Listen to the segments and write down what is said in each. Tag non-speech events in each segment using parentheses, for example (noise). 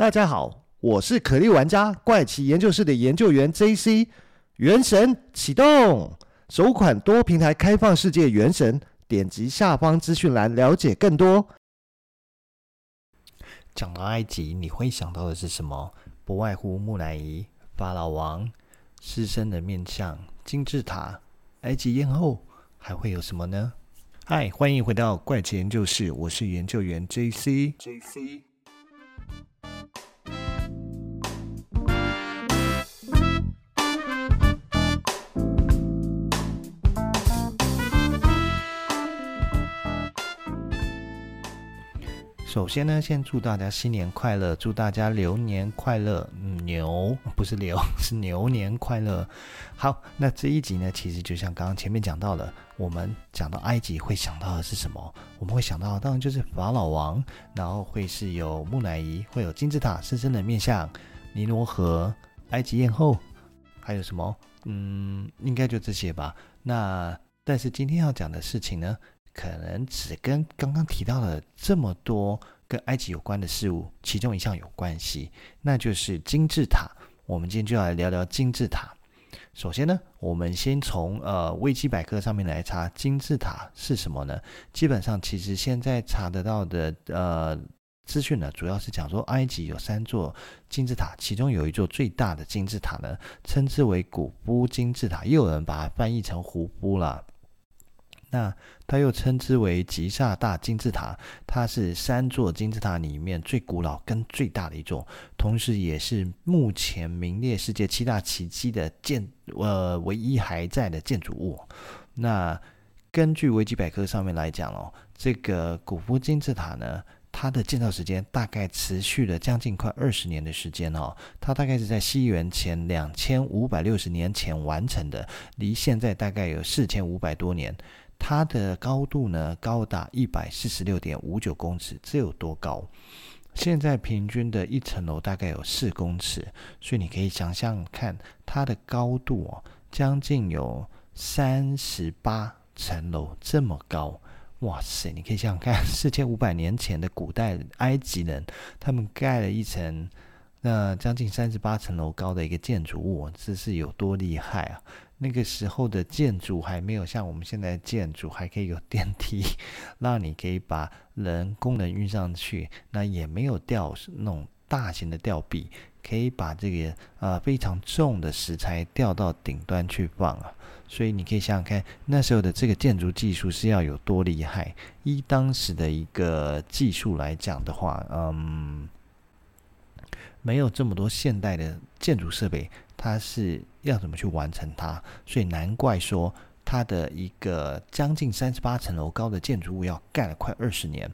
大家好，我是可力玩家，怪奇研究室的研究員 J C。原神啟動，首款多平台開放世界原神，點擊下方資訊欄了解更多。講到埃及，你會想到的是什麼？不外乎木乃伊、法老王、獅身人面像、金字塔、埃及艷後，還會有什麼呢？嗨，歡迎回到怪奇研究室，我是研究員 J C。J C。首先呢，先祝大家新年快樂，祝大家牛年快樂。牛、嗯 no, 不是牛，是牛年快樂。好，那這一集呢，其實就像剛剛前面講到的，我們講到埃及會想到的是什麼？我們會想到，當然就是法老王，然後會是有木乃伊，會有金字塔，獅身人面像，尼羅河，埃及艷後，還有什麼？嗯，應該就這些吧。那但是今天要講的事情呢，可能只跟剛剛提到的這麼多跟埃及有關的事物，其中一項有關係，那就是金字塔。我們今天就來聊聊金字塔。首先呢，我們先從呃維基百科上面來查金字塔是什麼呢？基本上其實現在查得到的呃資訊呢，主要是講說埃及有三座金字塔，其中有一座最大的金字塔呢，稱之為古夫金字塔，又有人把它翻譯成胡夫啦。那它又稱之為吉薩大金字塔，它是三座金字塔裡面最古老跟最大的一座，同時也是目前名列世界七大奇蹟的建呃唯一還在的建築物。那根據維基百科上面來講哦，這個古夫金字塔呢，它的建造時間大概持續了將近快二十年的時間哦，它大概是在西元前兩千五百六十年前完成的，離現在大概有四千五百多年。它的高度呢，高達一百四十六點五九公尺，這有多高？現在平均的一層樓大概有四公尺，所以你可以想象看它的高度啊，將近有三十八層樓這麼高。哇塞，你可以想想看，四千五百年前的古代埃及人，他們蓋了一層那將近三十八層樓高的一個建築物，這是有多厲害啊！那個時候的建築還沒有像我們現在建築還可以有電梯，讓你可以把人、工人運上去，那也沒有吊那種大型的吊臂，可以把這個啊、呃、非常重的石材吊到頂端去放啊。所以你可以想想看，那時候的這個建築技術是要有多厲害？以當時的一個技術來講的話，嗯，沒有這麼多現代的建築設備。它是要怎麼去完成它？所以難怪說，它的一個將近三十八層樓高的建築物要蓋了快二十年。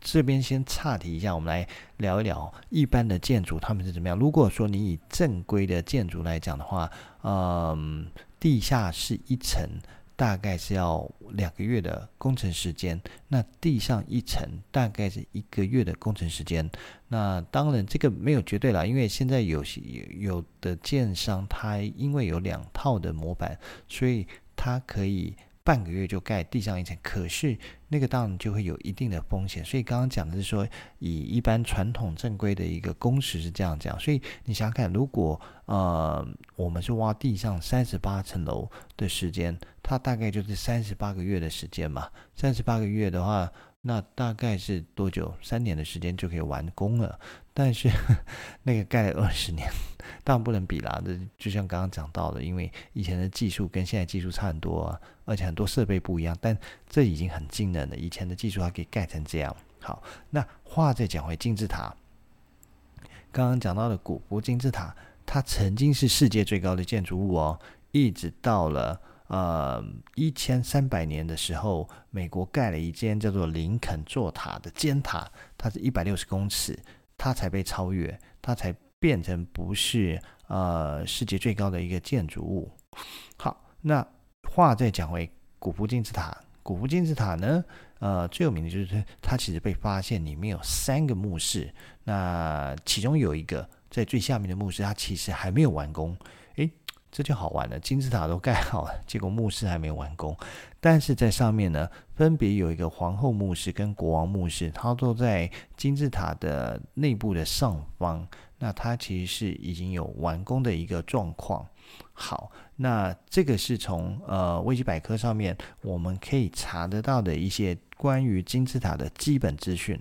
這邊先岔題一下，我們來聊一聊一般的建築他們是怎麼樣？如果說你以正規的建築來講的話，嗯，地下室一層。大概是要兩個月的工程時間，那地上一層大概是一個月的工程時間。那當然這個沒有絕對啦，因為現在有些有有的建商他因為有兩套的模板，所以他可以。半個月就蓋地上一層，可是那個當然就會有一定的風險。所以剛剛講的是說，以一般傳統正規的一個工時是這樣講。所以你想想看，如果呃我們是挖地上三十八層樓的時間，它大概就是三十八個月的時間嘛。三十八個月的話。那大概是多久？三年的時間就可以完工了。但是那個蓋了二十年，當然不能比啦。這就像剛剛講到的，因為以前的技術跟現在技術差很多啊，而且很多設備不一樣。但這已經很驚人了。以前的技術還可以蓋成這樣。好，那話再講回金字塔。剛剛講到的古波金字塔，它曾經是世界最高的建築物哦，一直到了。呃，一千三百年的時候，美國蓋了一間叫做林肯座塔的尖塔，它是一百六十公尺，它才被超越，它才變成不是呃世界最高的一個建築物。好，那話再講回古夫金字塔，古夫金字塔呢，呃，最有名的就是它其實被發現裡面有三個墓室，那其中有一個在最下面的墓室，它其實還沒有完工。這就好玩了，金字塔都蓋好了，結果墓室還沒完工。但是在上面呢，分別有一個皇后墓室跟國王墓室，它都在金字塔的內部的上方。那它其實是已經有完工的一個狀況。好，那這個是從呃維基百科上面我們可以查得到的一些關於金字塔的基本資訊。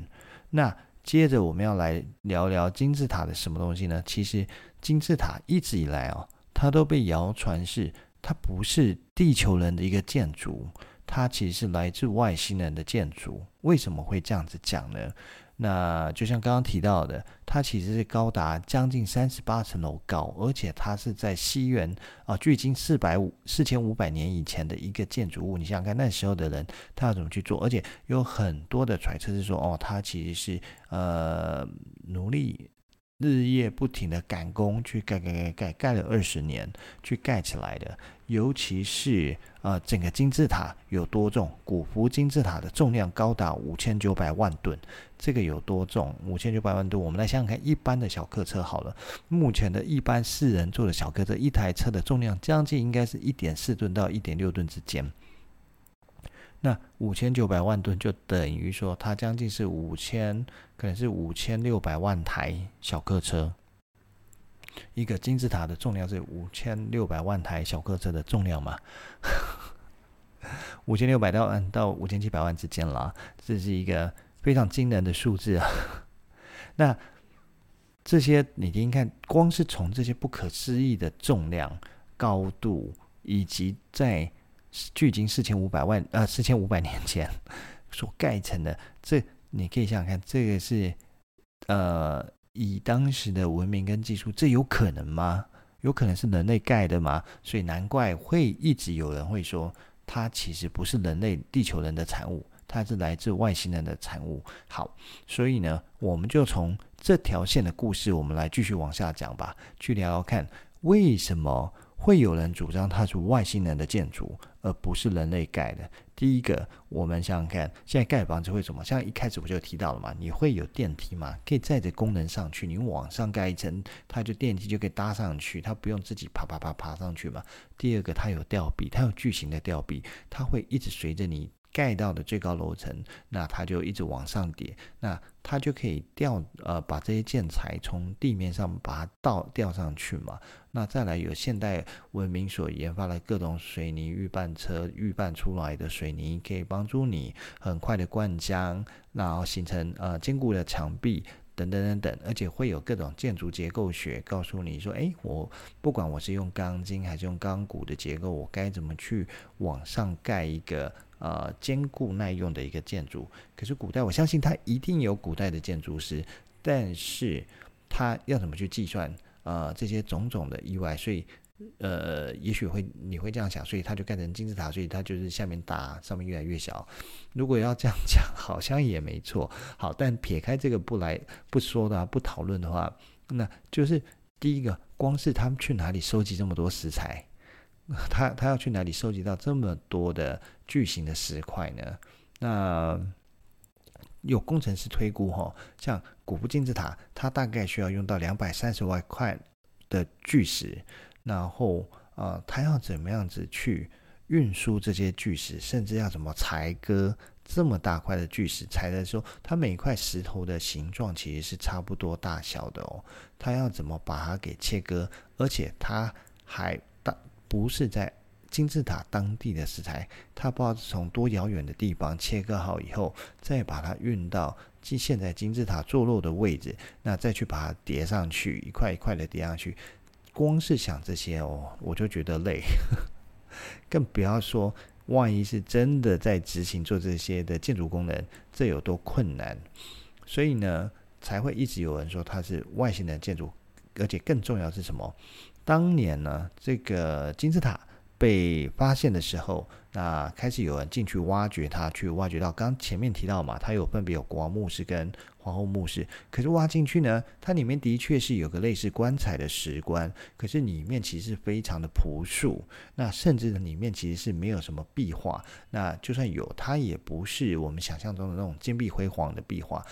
那接着我們要來聊聊金字塔的什麼東西呢？其實金字塔一直以來哦。它都被謠傳是它不是地球人的一個建築，它其實是來自外星人的建築。為什麼會這樣子講呢？那就像剛剛提到的，它其實是高達將近三十八層樓高，而且它是在西元啊，距今四百五四千五百年以前的一個建築物。你想想看，那時候的人他要怎麼去做？而且有很多的揣測是說，哦，他其實是呃奴隸。日夜不停地趕工去蓋蓋蓋蓋蓋了二十年去蓋起來的，尤其是啊、呃、整個金字塔有多重？古夫金字塔的重量高達五千九百萬噸，這個有多重？五千九百萬噸，我們來想想看，一般的小客車好了，目前的一般四人座的小客車，一台車的重量將近應該是一點四噸到一點六噸之間。那五千九百萬噸就等於說，它將近是五千，可能是五千六百萬台小客車，一個金字塔的重量是五千六百萬台小客車的重量嘛？五千六百到萬到五千七百萬之間啦啊，這是一個非常驚人的數字啊！那這些你聽聽看，光是從這些不可思議的重量、高度以及在距今四千五百萬，呃，四千五百年前所蓋成的，這你可以想想看，這個是，呃，以當時的文明跟技術，這有可能嗎？有可能是人類蓋的嗎？所以難怪會一直有人會說，它其實不是人類地球人的產物，它是來自外星人的產物。好，所以呢，我們就從這條線的故事，我們來繼續往下講吧，去聊聊看為什麼。會有人主張它是外星人的建築，而不是人類蓋的。第一個，我們想想看，現在蓋房子會怎麼？像一開始我就提到了嘛，你會有電梯嘛，可以載着功能上去。你往上蓋一層，它就電梯就可以搭上去，它不用自己爬爬爬爬爬上去嘛。第二個，它有吊臂，它有巨型的吊臂，它會一直隨着你。蓋到的最高樓層，那它就一直往上疊，那它就可以吊呃，把這些建材從地面上把它倒吊上去嘛。那再來有現代文明所研發的各種水泥預拌車，預拌出來的水泥可以幫助你很快的灌漿，然後形成呃堅固的牆壁等等等等。而且會有各種建築結構學告訴你說，誒，我不管我是用鋼筋還是用鋼骨的結構，我該怎麼去往上蓋一個？呃，堅固耐用的一個建築，可是古代我相信它一定有古代的建築師，但是它要怎麼去計算？呃，這些種種的意外，所以呃，也許會你會這樣想，所以它就蓋成金字塔，所以它就是下面大，上面越來越小。如果要這樣講，好像也沒錯。好，但撇開這個不來不說的啊。不討論的話，那就是第一個，光是他們去哪裡收集這麼多石材？他他要去哪裡收集到這麼多的巨型的石塊呢？那有工程師推估哈、哦，像古夫金字塔，它大概需要用到兩百三十萬塊的巨石。然後啊，他、呃、要怎麼樣子去運輸這些巨石？甚至要怎麼裁割這麼大塊的巨石？裁的時候，它每一塊石頭的形狀其實是差不多大小的哦。他要怎麼把它給切割？而且他還。不是在金字塔當地的石材，它不知道是從多遙遠的地方切割好以後，再把它運到現在金字塔坐落的位置，那再去把它疊上去，一塊一塊的疊上去。光是想這些哦，我就覺得累，更不要說萬一是真的在執行做這些的建築工人，這有多困難。所以呢，才會一直有人說它是外星人建築，而且更重要是什麼？當年呢，這個金字塔被發現的時候，那開始有人進去挖掘它，去挖掘到。剛前面提到嘛，它有分別有國王墓室跟皇后墓室。可是挖進去呢，它裡面的確是有個類似棺材的石棺，可是裡面其實是非常的樸素，那甚至呢，裡面其實是沒有什麼壁畫。那就算有，它也不是我們想象中的那種金碧輝煌的壁畫。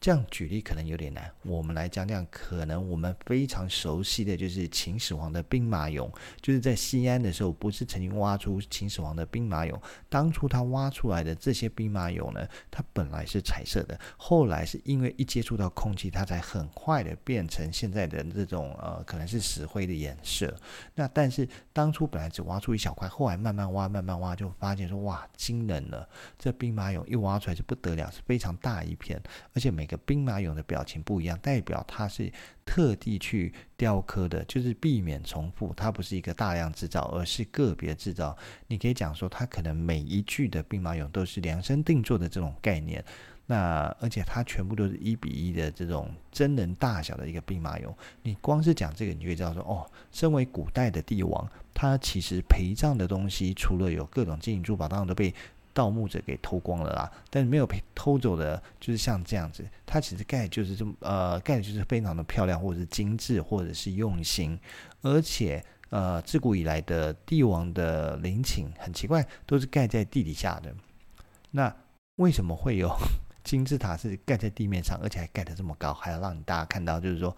這樣舉例可能有點難，我們來講講，可能我們非常熟悉的就是秦始皇的兵馬俑，就是在西安的時候，不是曾經挖出秦始皇的兵馬俑。當初他挖出來的這些兵馬俑呢，它本來是彩色的，後來是因為一接觸到空氣，它才很快的變成現在的這種呃，可能是石灰的顏色。那但是當初本來只挖出一小塊，後來慢慢挖慢慢挖，就發現說哇，驚人了！這兵馬俑一挖出來就不得了，是非常大一片，而且每。一個兵馬俑的表情不一樣，代表它是特地去雕刻的，就是避免重複。它不是一個大量制造，而是個別制造。你可以講說，它可能每一具的兵馬俑都是量身定做的這種概念。那而且它全部都是一比一的這種真人大小的一個兵馬俑。你光是講這個，你就會知道說，哦，身為古代的帝王，它其實陪葬的東西，除了有各種金銀珠寶，當然都被。盜墓者給偷光了啦，但是沒有被偷走的，就是像這樣子，它其實蓋就是這麼呃，蓋就是非常的漂亮，或者是精緻，或者是用心，而且呃，自古以來的帝王的陵寢很奇怪，都是蓋在地底下的。那為什麼會有金字塔是蓋在地面上，而且還蓋得這麼高，還要讓大家看到，就是說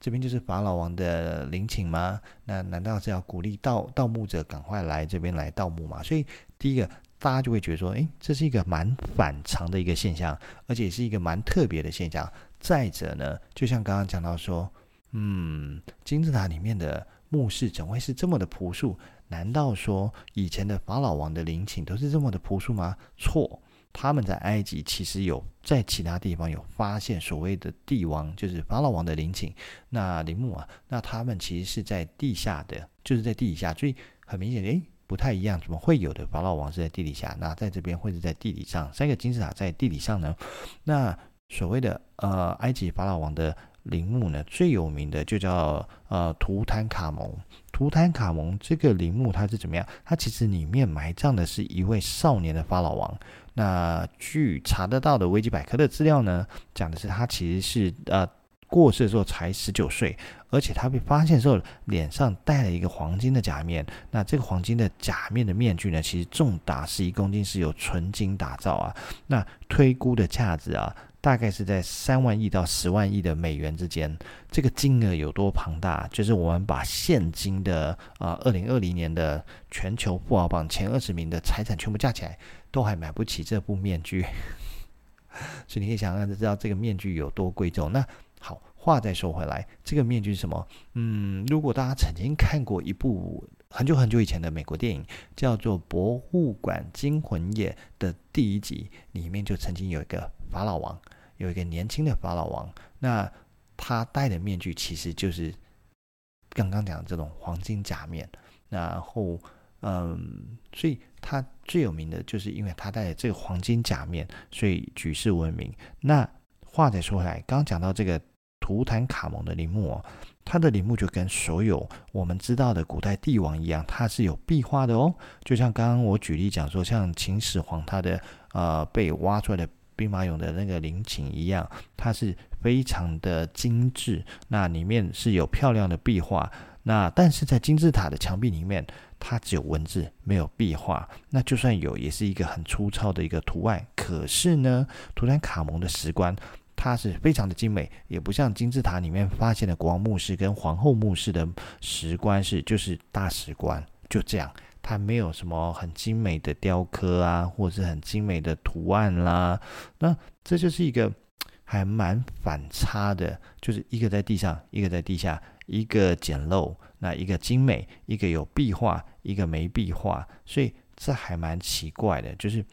這邊就是法老王的陵寢嗎？那難道是要鼓勵盜盜墓者趕快來這邊來盜墓嗎？所以第一個。大家就會覺得說，誒，這是一個蠻反常的一個現象，而且也是一個蠻特別的現象。再者呢，就像剛剛講到說，嗯，金字塔裡面的墓室怎會是這麼的樸素？難道說以前的法老王的陵寢都是這麼的樸素嗎？錯，他們在埃及其實有，在其他地方有發現所謂的帝王，就是法老王的陵寢，那陵墓啊，那他們其實是在地下的，就是在地下，所以很明顯，誒。不太一樣，怎麼會有的？法老王是在地底下，那在這邊會是在地底上。三個金字塔在地底上呢？那所謂的呃埃及法老王的陵墓呢？最有名的就叫呃圖坦卡蒙。圖坦卡蒙這個陵墓它是怎麼樣？它其實裡面埋葬的是一位少年的法老王。那據查得到的維基百科的資料呢，講的是他其實是呃過世的時候才十九歲。而且他被發現的時候，臉上戴了一個黃金的假面。那這個黃金的假面的面具呢，其實重達十一公斤，是由純金打造啊。那推估的價值啊，大概是在三萬億到十萬億的美元之間。這個金額有多龐大？就是我們把現今的啊，二零二零年的全球富豪榜前二十名的財產全部加起來，都還買不起這副面具。 (laughs) 所以你可以想象，就知道這個面具有多貴重。那好。話再說回來，這個面具是什麼？嗯，如果大家曾經看過一部很久很久以前的美國電影，叫做《博物館驚魂夜》的第一集，裡面就曾經有一個法老王，有一個年輕的法老王，那他戴的面具其實就是剛剛講的這種黃金假面。然後，嗯，所以他最有名的就是因為他戴的這個黃金假面，所以舉世聞名。那話再說回來，剛剛講到這個。圖坦卡蒙的陵墓哦，它的陵墓就跟所有我們知道的古代帝王一樣，它是有壁畫的哦。就像剛剛我舉例講說，像秦始皇他的呃被挖出來的兵馬俑的那個陵寢一樣，它是非常的精緻，那裡面是有漂亮的壁畫。那但是在金字塔的牆壁裡面，它只有文字，沒有壁畫。那就算有，也是一個很粗糙的一個圖案。可是呢，圖坦卡蒙的石棺。它是非常的精美，也不像金字塔裡面發現的國王墓室跟皇后墓室的石棺是就是大石棺，就這樣，它沒有什麼很精美的雕刻啊，或者是很精美的圖案啦，啊。那這就是一個還蠻反差的，就是一個在地上，一個在地下，一個簡陋，那一個精美，一個有壁畫，一個沒壁畫，所以這還蠻奇怪的，就是。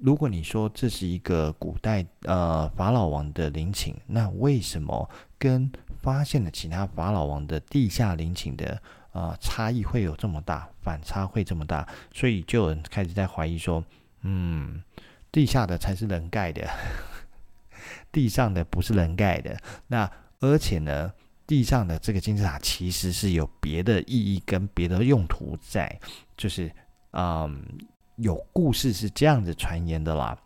如果你說這是一個古代呃法老王的陵寢，那為什麼跟發現了其他法老王的地下陵寢的呃差異會有這麼大，反差會這麼大？所以就有人開始在懷疑說，嗯，地下的才是人蓋的，地上的不是人蓋的。那而且呢，地上的這個金字塔其實是有別的意義跟別的用途在，就是嗯。有故事是這樣子傳言的啦。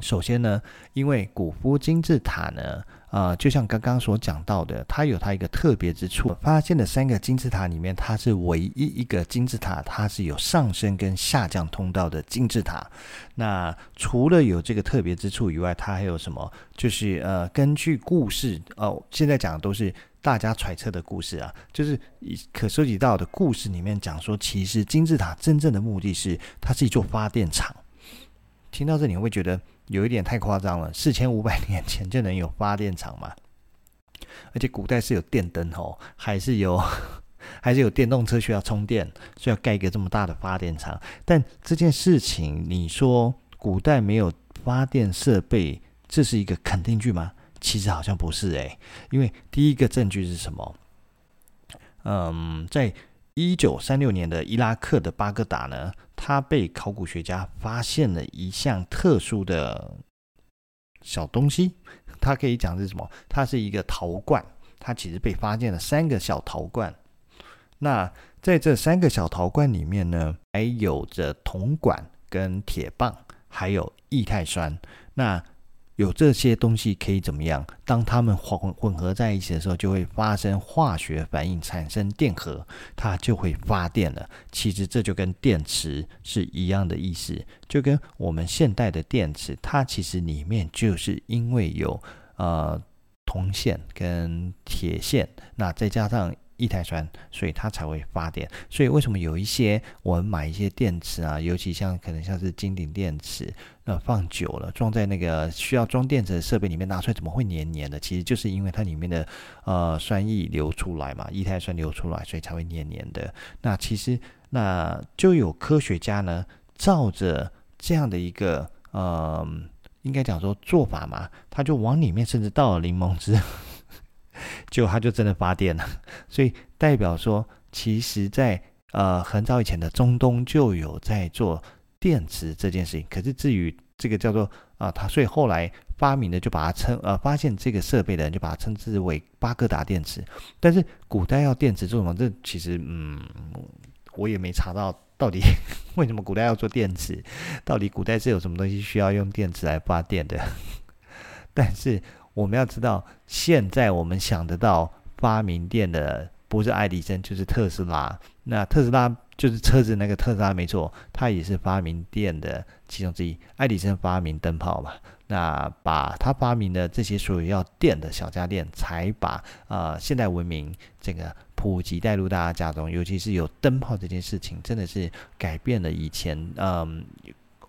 首先呢，因為古夫金字塔呢，呃，就像剛剛所講到的，它有它一個特別之處。發現的三個金字塔裡面，它是唯一一個金字塔，它是有上升跟下降通道的金字塔。那除了有這個特別之處以外，它還有什麼？就是呃，根據故事，哦，現在講的都是大家揣測的故事啊，就是可收集到的故事裡面講說，其實金字塔真正的目的是它是一座發電廠。聽到這裡，你會覺得。有一點太誇張了，四千五百年前就能有發電廠嗎？而且古代是有電燈哦，還是有，還是有電動車需要充電，需要蓋一個這麼大的發電廠？但這件事情，你說古代沒有發電設備，這是一個肯定句嗎？其實好像不是誒、欸，因為第一個證據是什麼？嗯，在。一九三六年的伊拉克的巴格達呢，他被考古學家發現了一項特殊的小東西。它可以講是什麼？它是一個陶罐。它其實被發現了三個小陶罐。那在這三個小陶罐裡面呢，還有着銅管跟鐵棒，還有液態酸。那有這些東西可以怎麼樣？當它們混混合在一起的時候，就會發生化學反應，產生電荷，它就會發電了。其實這就跟電池是一樣的意思，就跟我們現代的電池，它其實裡面就是因為有呃銅線跟鐵線，那再加上，液態酸，所以它才會發電。所以為什麼有一些我們買一些電池啊，尤其像可能像是金頂電池，那、呃、放久了，裝在那個需要裝電池的設備裡面拿出來，怎麼會黏黏的？其實就是因為它裡面的呃酸液流出來嘛，液態酸流出來，所以才會黏黏的。那其實那就有科學家呢，照着這樣的一個嗯、呃，應該講說做法嘛，他就往裡面甚至倒了檸檬汁。就它就真的發電了，所以代表說，其實在呃很早以前的中東就有在做電池這件事情。可是至於這個叫做啊，它、呃、所以後來發明的就把它稱呃發現這個設備的人就把它稱之為巴格達電池。但是古代要電池做什麼？這其實嗯，我也沒查到到底為什麼古代要做電池，到底古代是有什麼東西需要用電池來發電的？但是。我們要知道，現在我們想得到發明電的，不是愛迪生，就是特斯拉。那特斯拉就是車子那個特斯拉，沒錯，他也是發明電的其中之一。愛迪生發明燈泡嘛，那把他發明的這些所有要電的小家電，才把，呃，現代文明這個普及帶入大家家中。尤其是有燈泡這件事情，真的是改變了以前，嗯。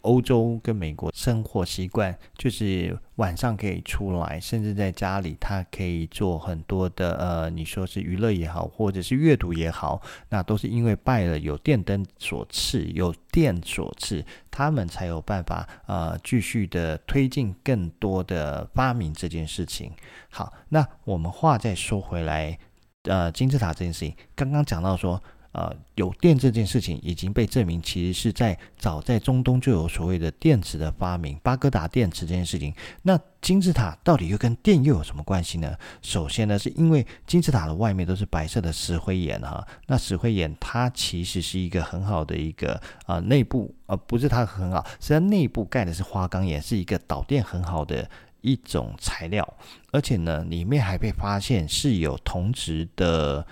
歐洲跟美國生活習慣就是晚上可以出來，甚至在家裡，他可以做很多的呃，你說是娛樂也好，或者是閱讀也好，那都是因為拜了有電燈所賜，有電所賜，他們才有辦法呃繼續的推進更多的發明這件事情。好，那我們話再說回來，呃，金字塔這件事情，剛剛講到說，呃、啊，有電這件事情已經被證明，其實是在早在中東就有所謂的電池的發明，巴格達電池這件事情。那金字塔到底又跟電又有什麼關係呢？首先呢，是因為金字塔的外面都是白色的石灰岩，哈、啊，那石灰岩它其實是一個很好的一個啊內部，啊，不是它很好，實際上內部蓋的是花崗岩，是一個導電很好的一種材料，而且呢，裡面還被發現是有銅質的。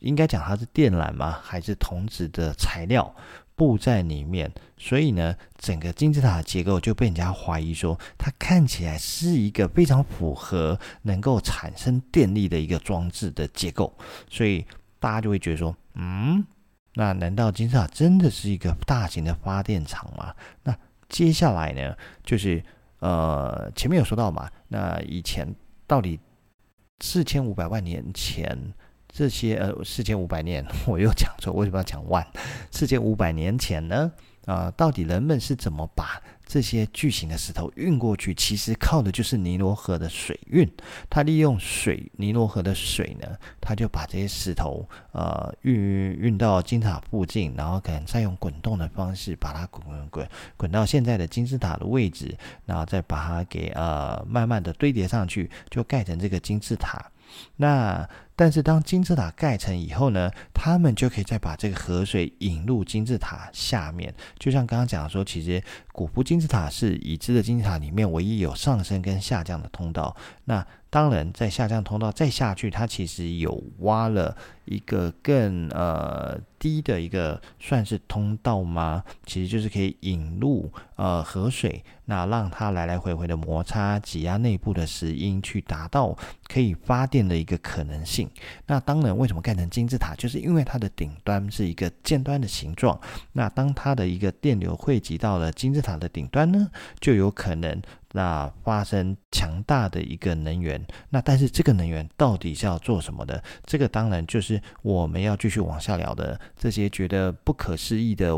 應該講它是電纜嗎？還是銅質的材料布在裡面？所以呢，整個金字塔的結構就被人家懷疑說，它看起來是一個非常符合能夠產生電力的一個裝置的結構。所以大家就會覺得說，嗯，那難道金字塔真的是一個大型的發電廠嗎？那接下來呢，就是呃，前面有說到嘛，那以前到底四千五百萬年前？這些呃，四千五百年，我又講錯，為什麼要講萬？四千五百年前呢？啊、呃，到底人們是怎麼把這些巨型的石頭運過去？其實靠的就是尼羅河的水運。它利用水，尼羅河的水呢，它就把這些石頭呃運運到金字塔附近，然後可能再用滾動的方式把它滾滾滾滾到現在的金字塔的位置，然後再把它給呃慢慢的堆疊上去，就蓋成這個金字塔。那，但是當金字塔蓋成以後呢，他們就可以再把這個河水引入金字塔下面。就像剛剛講的，說，其實古夫金字塔是已知的金字塔裡面唯一有上升跟下降的通道。那當然，在下降通道再下去，它其實有挖了。一個更呃低的一個算是通道嗎？其實就是可以引入呃河水，那讓它來來回回的摩擦擠壓內部的石英，去達到可以發電的一個可能性。那當然，為什麼蓋成金字塔？就是因為它的頂端是一個尖端的形狀。那當它的一個電流匯集到了金字塔的頂端呢，就有可能那發生強大的一個能源。那但是這個能源到底是要做什麼的？這個當然就是。我們要繼續往下聊的這些覺得不可思議的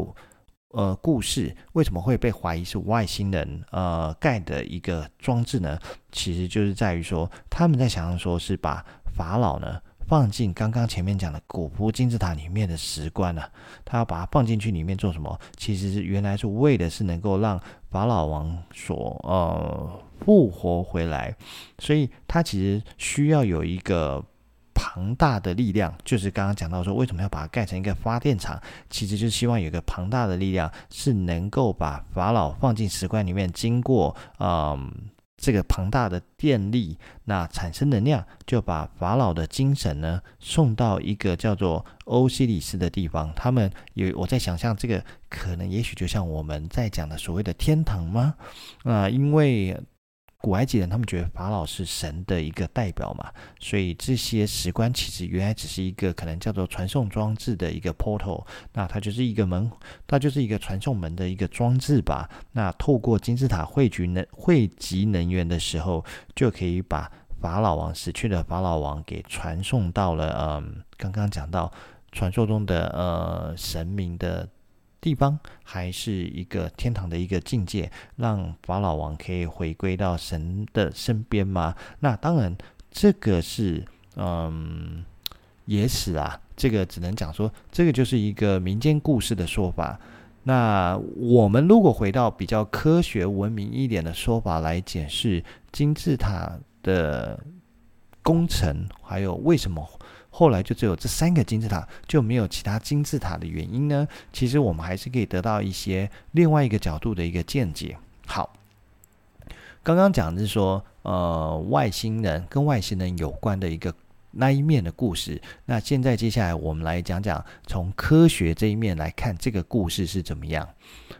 呃故事，為什麼會被懷疑是外星人呃蓋的一個裝置呢？其實就是在於說，他們在想象說，是把法老呢放進剛剛前面講的古夫金字塔裡面的石棺呢，啊，他要把它放進去裡面做什麼？其實原來是為的是能夠讓法老王所呃復活回來，所以他其實需要有一個。龐大的力量，就是剛剛講到說，為什麼要把它蓋成一個發電廠？其實就是希望有個龐大的力量，是能夠把法老放進石棺裡面，經過嗯這個龐大的電力，那產生能量，就把法老的精神呢送到一個叫做歐西里斯的地方。他們有我在想象這個可能也許就像我們在講的所謂的天堂嗎？啊，因為。古埃及人他們覺得法老是神的一個代表嘛，所以這些石棺其實原來只是一個可能叫做傳送裝置的一個 portal，那它就是一個門，它就是一個傳送門的一個裝置吧。那透過金字塔匯聚能匯集能源的時候，就可以把法老王死去的法老王給傳送到了嗯、呃，剛剛講到傳說中的呃神明的。地方還是一個天堂的一個境界，讓法老王可以回歸到神的身邊嗎？那當然，這個是嗯，野史啊，這個只能講說，這個就是一個民間故事的說法。那我們如果回到比較科學文明一點的說法來解釋金字塔的工程，還有為什麼？後來就只有這三個金字塔，就沒有其他金字塔的原因呢？其實我們還是可以得到一些另外一個角度的一個見解。好，剛剛講的是說，呃，外星人跟外星人有關的一個那一面的故事。那現在接下來我們來講講，從科學這一面來看，這個故事是怎麼樣？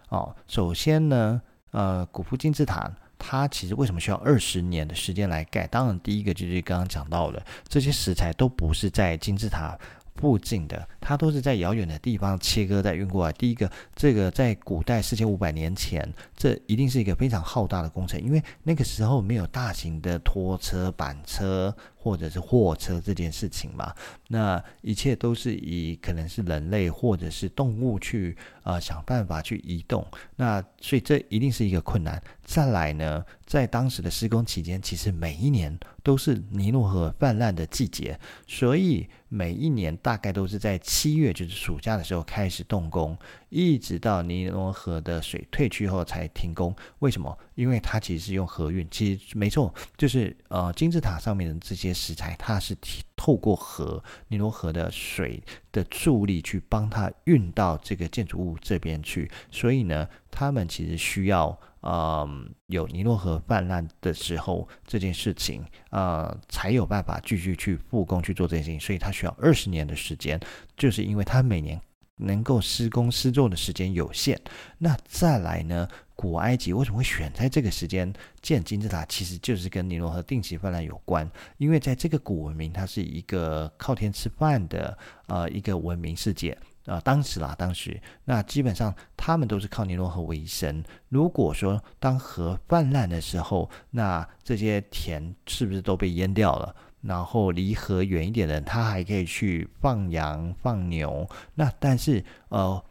哦，首先呢，呃，古夫金字塔。它其實為什麼需要二十年的時間來蓋？當然，第一個就是剛剛講到的，這些石材都不是在金字塔附近的。它都是在遙遠的地方切割再運過來。第一個，這個在古代四千五百年前，這一定是一個非常浩大的工程，因為那個時候沒有大型的拖車、板車或者是貨車這件事情嘛。那一切都是以可能是人類或者是動物去啊、呃、想辦法去移動。那所以這一定是一個困難。再來呢，在當時的施工期間，其實每一年都是尼羅河泛濫的季節，所以每一年大概都是在。七月就是暑假的時候開始動工，一直到尼羅河的水退去後才停工。為什麼？因為它其實是用河運。其實沒錯，就是呃，金字塔上面的這些石材，它是透過河尼羅河的水的助力去幫它運到這個建築物這邊去。所以呢，他們其實需要。呃、嗯，有尼羅河泛濫的時候，這件事情呃才有辦法繼續去復工去做這件事情，所以它需要二十年的時間，就是因為它每年能夠施工施作的時間有限。那再來呢，古埃及為什麼會選在這個時間建金字塔？其實就是跟尼羅河定期泛濫有關，因為在這個古文明，它是一個靠天吃飯的呃一個文明世界。啊、呃，當時啦，當時那基本上他們都是靠尼羅河為生。如果說當河泛濫的時候，那這些田是不是都被淹掉了？然後離河遠一點的人，他還可以去放羊、放牛。那但是，呃，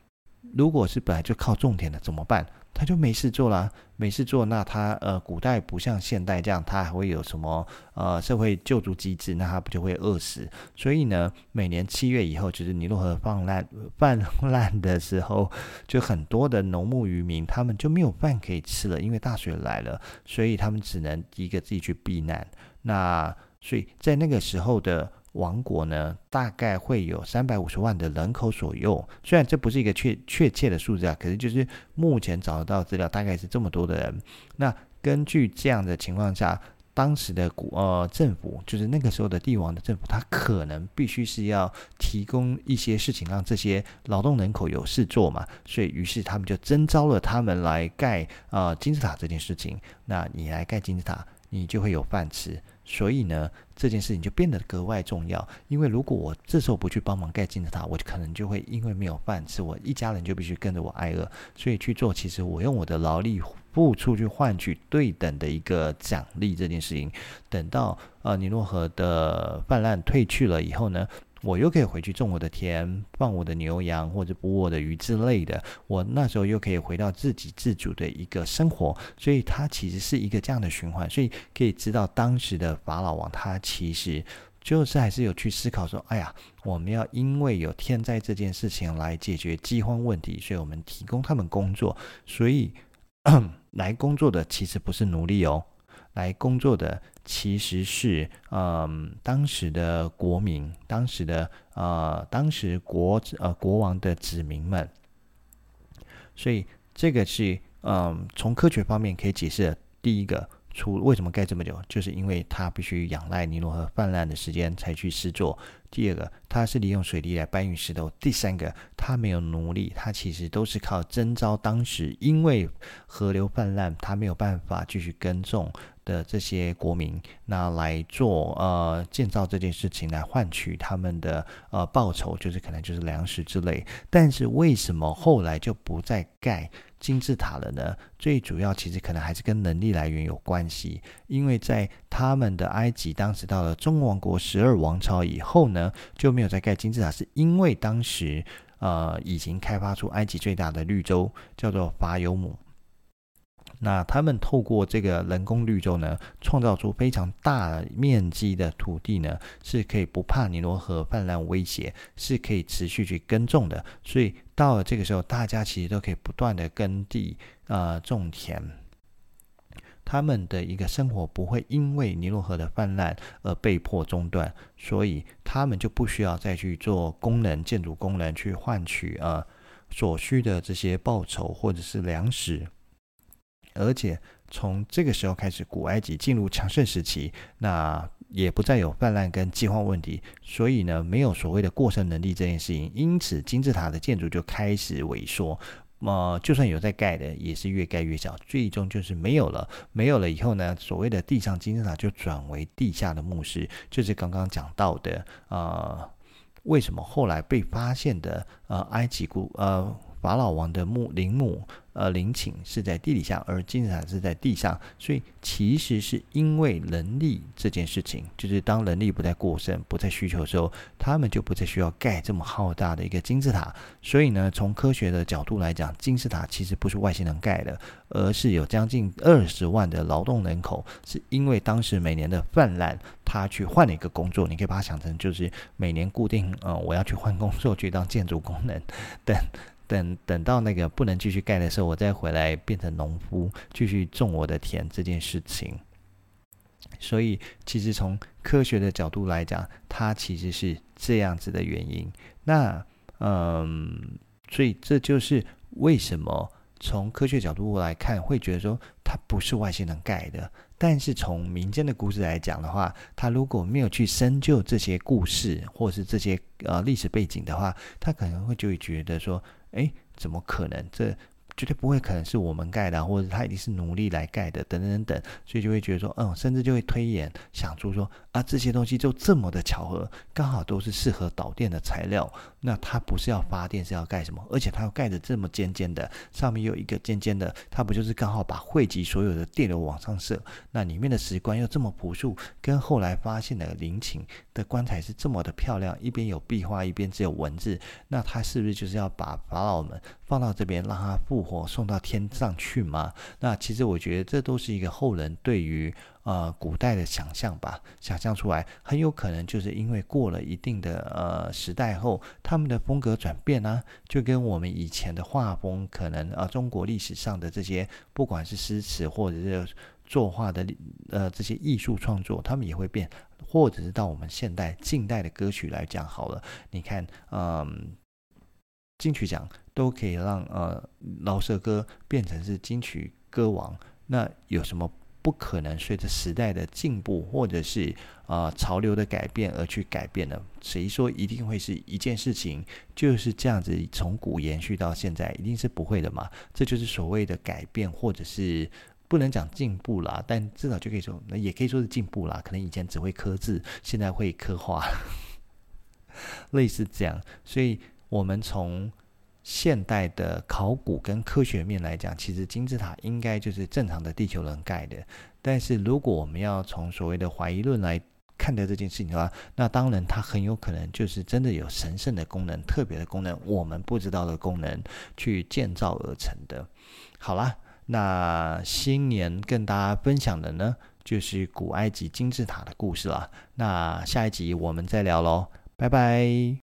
如果是本來就靠種田的，怎麼辦？他就沒事做了啊，沒事做，那他呃，古代不像現代這樣，他還會有什麼呃社會救助機制？那他不就會餓死？所以呢，每年七月以後，就是尼羅河泛濫，泛濫的時候，就很多的農牧漁民，他們就沒有飯可以吃了，因為大水來了，所以他們只能一個自己去避難。那所以在那個時候的，王國呢，大概會有三百五十萬的人口左右。雖然這不是一個確確切的數字啊，可是就是目前找得到資料大概是這麼多的人。那根據這樣的情況下，當時的呃政府，就是那個時候的帝王的政府，他可能必須是要提供一些事情讓這些勞動人口有事做嘛。所以於是他們就徵召了他們來蓋啊、呃、金字塔這件事情。那你來蓋金字塔。你就會有飯吃，所以呢，這件事情就變得格外重要。因為如果我這時候不去幫忙蓋金字塔，我就可能就會因為沒有飯吃，我一家人就必須跟着我挨餓。所以去做，其實我用我的勞力付出去換取對等的一個獎勵。這件事情，等到呃尼羅河的泛濫退去了以後呢。我又可以回去種我的田，放我的牛羊，或者捕我的魚之類的。我那時候又可以回到自給自足的一個生活，所以它其實是一個這樣的循環。所以可以知道，當時的法老王他其實就是還是有去思考說：哎呀，我們要因為有天災這件事情來解決饑荒問題，所以我們提供他們工作，所以來工作的其實不是奴隸哦。來工作的其實是，嗯、呃，當時的國民，當時的，呃，當時國，呃，國王的子民們，所以這個是，嗯、呃，從科學方面可以解釋的第一個。出為什麼蓋這麼久？就是因為它必須仰賴尼羅河泛濫的時間才去施作。第二個，它是利用水力來搬運石頭。第三個，它沒有奴隸，它其實都是靠徵召當時因為河流泛濫，它沒有辦法繼續耕種的這些國民，那來做呃建造這件事情來換取他們的呃報酬，就是可能就是糧食之類。但是為什麼後來就不再蓋？金字塔了呢？最主要其實可能還是跟能力來源有關係，因為在他們的埃及，當時到了中王國十二王朝以後呢，就沒有再蓋金字塔，是因為當時呃已經開發出埃及最大的綠洲，叫做法尤姆。那他們透過這個人工綠洲呢，創造出非常大面積的土地呢，是可以不怕尼羅河泛濫威脅，是可以持續去耕種的，所以。到了這個時候，大家其實都可以不斷的耕地、呃，種田。他們的一個生活不會因為尼羅河的泛濫而被迫中斷，所以他們就不需要再去做工人、建築工人去換取啊、呃、所需的這些報酬或者是糧食。而且從這個時候開始，古埃及進入強盛時期。那也不再有泛濫跟饑荒問題，所以呢，沒有所謂的過剩能力這件事情，因此金字塔的建築就開始萎縮。麼、呃、就算有在蓋的，也是越蓋越小，最終就是沒有了。沒有了以後呢，所謂的地上金字塔就轉為地下的墓室，就是剛剛講到的。呃，為什麼後來被發現的呃埃及古呃。法老王的墓、陵墓，呃，陵寢是在地底下，而金字塔是在地上，所以其實是因為人力這件事情，就是當人力不再過剩，不再需求的時候，他們就不再需要蓋這麼浩大的一個金字塔。所以呢，從科學的角度來講，金字塔其實不是外星人蓋的，而是有將近二十萬的勞動人口，是因為當時每年的泛濫，他去換了一個工作。你可以把它想成就是每年固定，呃，我要去換工作去當建築工人等。但等等到那個不能繼續蓋的時候，我再回來變成農夫，繼續種我的田這件事情。所以，其實從科學的角度來講，它其實是這樣子的原因。那，嗯，所以這就是為什麼從科學角度來看，會覺得說它不是外星人蓋的。但是從民間的故事來講的話，他如果沒有去深究這些故事，或是這些呃歷史背景的話，他可能會就會覺得說。哎，怎麼可能，這……絕對不會，可能是我們蓋的，或者他一定是奴隸來蓋的，等等等等，所以就會覺得說，嗯，甚至就會推演想出說，啊，這些東西就這麼的巧合，剛好都是適合導電的材料，那它不是要發電，是要蓋什麼？而且它要蓋得這麼尖尖的，上面有一個尖尖的，它不就是剛好把匯集所有的電流往上射？那裡面的石棺又這麼樸素，跟後來發現的陵寢的棺材是這麼的漂亮，一邊有壁畫，一邊只有文字，那它是不是就是要把法老們？放到這邊讓他復活，送到天上去嘛。那其實我覺得這都是一個後人對於呃古代的想象吧。想象出來很有可能就是因為過了一定的呃時代後，他們的風格轉變呢、啊，就跟我們以前的畫風可能啊、呃，中國歷史上的這些，不管是詩詞或者是作畫的呃這些藝術創作，他們也會變，或者是到我們現代近代的歌曲來講好了。你看，嗯、呃，金曲獎。都可以讓呃饒舌歌，變成是金曲歌王，那有什麼不可能隨着時代的進步或者是啊、呃、潮流的改變而去改變呢？誰說一定會是一件事情就是這樣子從古延續到現在一定是不會的嘛？這就是所謂的改變，或者是不能講進步啦，但至少就可以說那也可以說是進步啦。可能以前只會刻字，現在會刻畫， (laughs) 類似這樣。所以我們從現代的考古跟科學面來講，其實金字塔應該就是正常的地球人蓋的。但是如果我們要從所謂的懷疑論來看待這件事情的話，那當然它很有可能就是真的有神聖的功能、特別的功能、我們不知道的功能去建造而成的。好啦，那新年跟大家分享的呢，就是古埃及金字塔的故事啦。那下一集我們再聊嘍，拜拜。